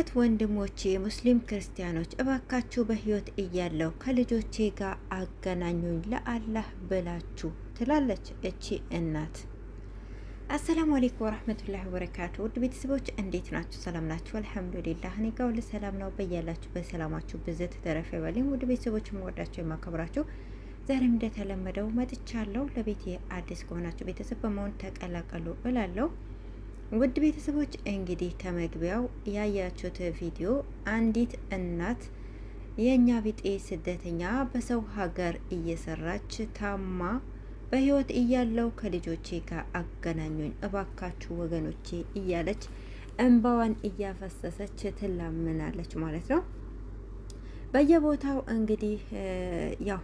እህት ወንድሞቼ፣ ሙስሊም ክርስቲያኖች እባካችሁ በህይወት እያለሁ ከልጆቼ ጋር አገናኙኝ ለአላህ ብላችሁ ትላለች እቺ እናት። አሰላሙ አሌይኩም ወረህመቱላሂ ወበረካቱ። ውድ ቤተሰቦች እንዴት ናችሁ? ሰላም ናችሁ? አልሐምዱሊላህ እኔ ጋር ሁሉ ሰላም ነው። በያላችሁ በሰላማችሁ ብዝት ተረፈ ይበልኝ። ውድ ቤተሰቦች የምወዳቸው የማከብራችሁ፣ ዛሬም እንደተለመደው መጥቻለሁ። ለቤት አዲስ ከሆናችሁ ቤተሰብ በመሆን ተቀላቀሉ እላለሁ። ውድ ቤተሰቦች እንግዲህ ከመግቢያው ያያችሁት ቪዲዮ አንዲት እናት የእኛ ቢጤ ስደተኛ በሰው ሀገር እየሰራች ታማ በህይወት እያለው ከልጆቼ ጋር አገናኙኝ እባካችሁ ወገኖቼ እያለች እንባዋን እያፈሰሰች ትላምናለች ማለት ነው። በየቦታው እንግዲህ ያው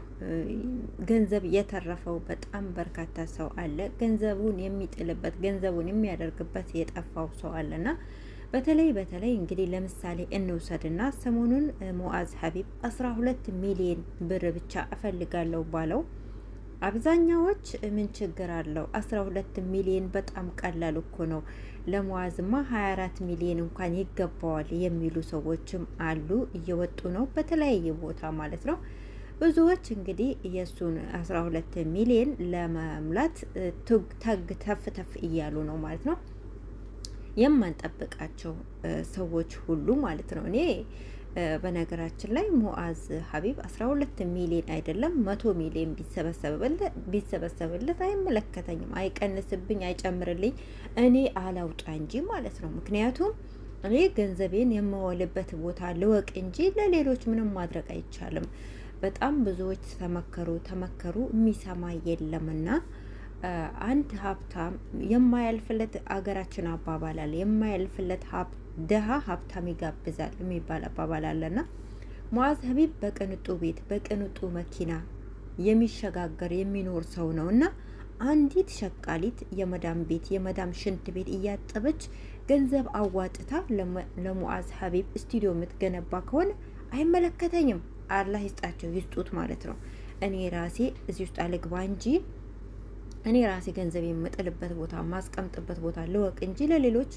ገንዘብ የተረፈው በጣም በርካታ ሰው አለ። ገንዘቡን የሚጥልበት ገንዘቡን የሚያደርግበት የጠፋው ሰው አለና በተለይ በተለይ እንግዲህ ለምሳሌ እንውሰድና ሰሞኑን ሙአዝ ሀቢብ ሁለት ሚሊዮን ብር ብቻ እፈልጋለሁ ባለው አብዛኛዎች ምን ችግር አለው? 12 ሚሊዮን በጣም ቀላል እኮ ነው። ለመዋዝማ 24 ሚሊዮን እንኳን ይገባዋል የሚሉ ሰዎችም አሉ። እየወጡ ነው በተለያየ ቦታ ማለት ነው። ብዙዎች እንግዲህ የእሱን 12 ሚሊዮን ለመምላት ተግ ተፍ ተፍ እያሉ ነው ማለት ነው። የማንጠብቃቸው ሰዎች ሁሉ ማለት ነው እኔ በነገራችን ላይ ሙአዝ ሀቢብ 12 ሚሊዮን አይደለም መቶ ሚሊዮን ቢሰበሰብለት አይመለከተኝም፣ አይቀንስብኝ፣ አይጨምርልኝ እኔ አላውጣ እንጂ ማለት ነው። ምክንያቱም እኔ ገንዘቤን የማወልበት ቦታ ልወቅ እንጂ ለሌሎች ምንም ማድረግ አይቻልም። በጣም ብዙዎች ተመከሩ ተመከሩ፣ የሚሰማ የለምና አንድ ሀብታም የማያልፍለት አገራችን አባባላል የማያልፍለት ሀብት ድሃ ሀብታም ይጋብዛል የሚባል አባባል አለና ሙአዝ ሀቢብ በቅንጡ ቤት በቅንጡ መኪና የሚሸጋገር የሚኖር ሰው ነው እና አንዲት ሸቃሊት የመዳም ቤት የመዳም ሽንት ቤት እያጠበች ገንዘብ አዋጥታ ለሙአዝ ሀቢብ ስቱዲዮ የምትገነባ ከሆነ አይመለከተኝም። አላህ ይስጣቸው ይስጡት ማለት ነው። እኔ ራሴ እዚህ ውስጥ አልግባ እንጂ እኔ ራሴ ገንዘብ የምጥልበት ቦታ ማስቀምጥበት ቦታ ልወቅ እንጂ ለሌሎች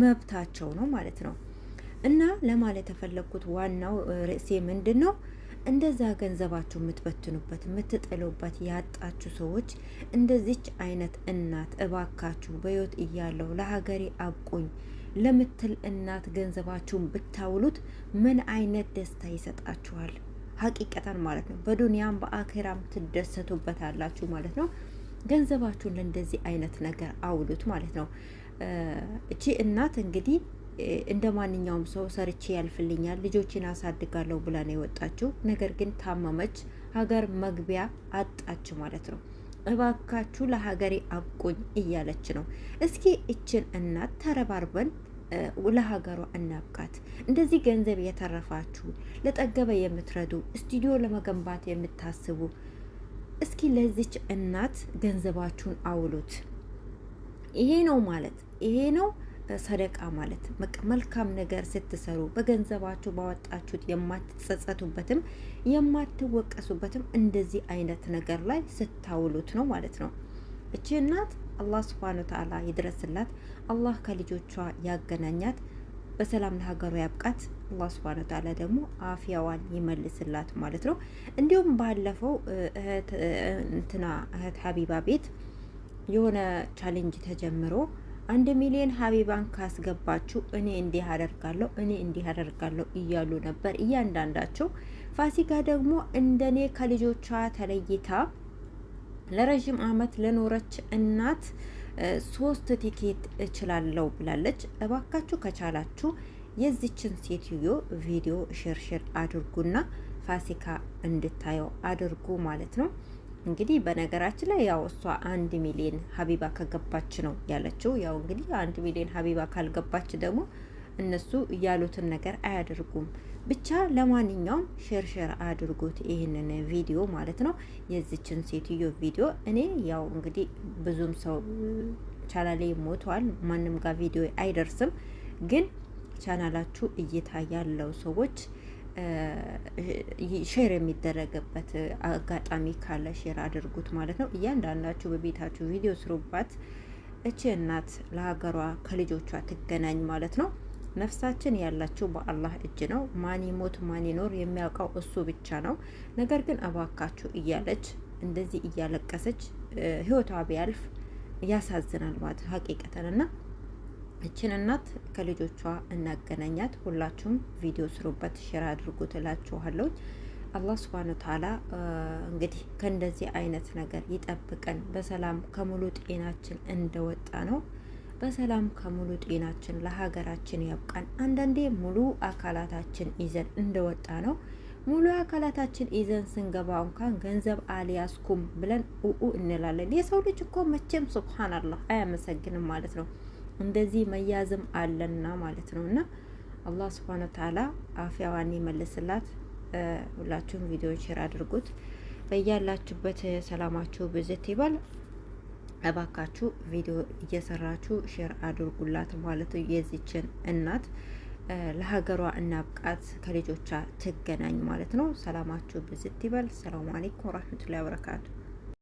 መብታቸው ነው ማለት ነው። እና ለማለት የፈለግኩት ዋናው ርዕሴ ምንድን ነው? እንደዛ ገንዘባችሁ የምትበትኑበት የምትጥሉበት ያጣችሁ ሰዎች እንደዚች አይነት እናት እባካችሁ በሕይወት እያለው ለሀገሬ አብቁኝ ለምትል እናት ገንዘባችሁን ብታውሉት ምን አይነት ደስታ ይሰጣችኋል? ሀቂቀታን ማለት ነው። በዱንያም በአኼራም ትደሰቱበታላችሁ ማለት ነው። ገንዘባችሁን ለእንደዚህ አይነት ነገር አውሉት ማለት ነው። እቺ እናት እንግዲህ እንደ ማንኛውም ሰው ሰርቼ ያልፍልኛል ልጆችን አሳድጋለሁ ብላ ነው የወጣችው። ነገር ግን ታመመች፣ ሀገር መግቢያ አጣች ማለት ነው። እባካችሁ ለሀገሬ አብቁኝ እያለች ነው። እስኪ እችን እናት ተረባርበን ለሀገሯ እናብቃት። እንደዚህ ገንዘብ የተረፋችሁ ለጠገበ የምትረዱ ስቱዲዮ ለመገንባት የምታስቡ እስኪ ለዚች እናት ገንዘባችሁን አውሉት። ይሄ ነው ማለት ይሄ ነው ሰደቃ ማለት መልካም ነገር ስትሰሩ በገንዘባችሁ ባወጣችሁት የማትጸጸቱበትም የማትወቀሱበትም እንደዚህ አይነት ነገር ላይ ስታውሉት ነው ማለት ነው። እቺ እናት አላህ ስብሃነ ወተዓላ ይድረስላት። አላህ ከልጆቿ ያገናኛት፣ በሰላም ለሀገሯ ያብቃት። አላህ ስብሃነ ወተዓላ ደግሞ አፍያዋን ይመልስላት ማለት ነው። እንዲሁም ባለፈው እህት እንትና እህት ሀቢባ ቤት የሆነ ቻሌንጅ ተጀምሮ አንድ ሚሊዮን ሀቢ ባንክ ካስገባችሁ እኔ እንዲህ አደርጋለሁ እኔ እንዲህ አደርጋለሁ እያሉ ነበር እያንዳንዳቸው። ፋሲካ ደግሞ እንደኔ ከልጆቿ ተለይታ ለረዥም ዓመት ለኖረች እናት ሶስት ቲኬት እችላለሁ ብላለች። እባካችሁ ከቻላችሁ የዚችን ሴትዮ ቪዲዮ ሽርሽር አድርጉና ፋሲካ እንድታየው አድርጉ ማለት ነው። እንግዲህ በነገራችን ላይ ያው እሷ አንድ ሚሊዮን ሀቢባ ከገባች ነው ያለችው። ያው እንግዲህ አንድ ሚሊዮን ሀቢባ ካልገባች ደግሞ እነሱ ያሉትን ነገር አያደርጉም። ብቻ ለማንኛውም ሸርሸር አድርጉት ይህንን ቪዲዮ ማለት ነው፣ የዚችን ሴትዮ ቪዲዮ። እኔ ያው እንግዲህ ብዙም ሰው ቻናሌ ሞቷል፣ ማንም ጋር ቪዲዮ አይደርስም። ግን ቻናላችሁ እይታ ያለው ሰዎች ሼር የሚደረግበት አጋጣሚ ካለ ሼር አድርጉት ማለት ነው። እያንዳንዳችሁ በቤታችሁ ቪዲዮ ስሩባት። እቺ እናት ለሀገሯ ከልጆቿ ትገናኝ ማለት ነው። ነፍሳችን ያላችሁ በአላህ እጅ ነው። ማን ይሞት ማን ይኖር የሚያውቀው እሱ ብቻ ነው። ነገር ግን እባካችሁ እያለች እንደዚህ እያለቀሰች ህይወቷ ቢያልፍ ያሳዝናል ማለት ሀቂቀተን እና እችን እናት ከልጆቿ እናገናኛት። ሁላችሁም ቪዲዮ ስሩበት፣ ሼር አድርጉት እላችኋለሁ። አላህ ስብሃነሁ ተዓላ እንግዲህ ከእንደዚህ አይነት ነገር ይጠብቀን። በሰላም ከሙሉ ጤናችን እንደወጣ ነው በሰላም ከሙሉ ጤናችን ለሀገራችን ያብቃን። አንዳንዴ ሙሉ አካላታችን ይዘን እንደወጣ ነው ሙሉ አካላታችን ይዘን ስንገባ እንኳን ገንዘብ አልያዝኩም ብለን ኡኡ እንላለን። የሰው ልጅ እኮ መቼም ሱብሃናላህ አያመሰግንም ማለት ነው። እንደዚህ መያዝም አለና ማለት ነው። እና አላህ ስብሃነ ወተዓላ አፍያዋን ይመልስላት። ሁላችሁም ቪዲዮ ሼር አድርጉት። በያላችሁበት ሰላማችሁ ብዝት ይበል። እባካችሁ ቪዲዮ እየሰራችሁ ሼር አድርጉላት ማለት ነው። የዚችን እናት ለሀገሯ እናብቃት፣ ከልጆቿ ትገናኝ ማለት ነው። ሰላማችሁ ብዝት ይበል። ሰላሙ አለይኩም ወራህመቱላሂ ወበረካቱ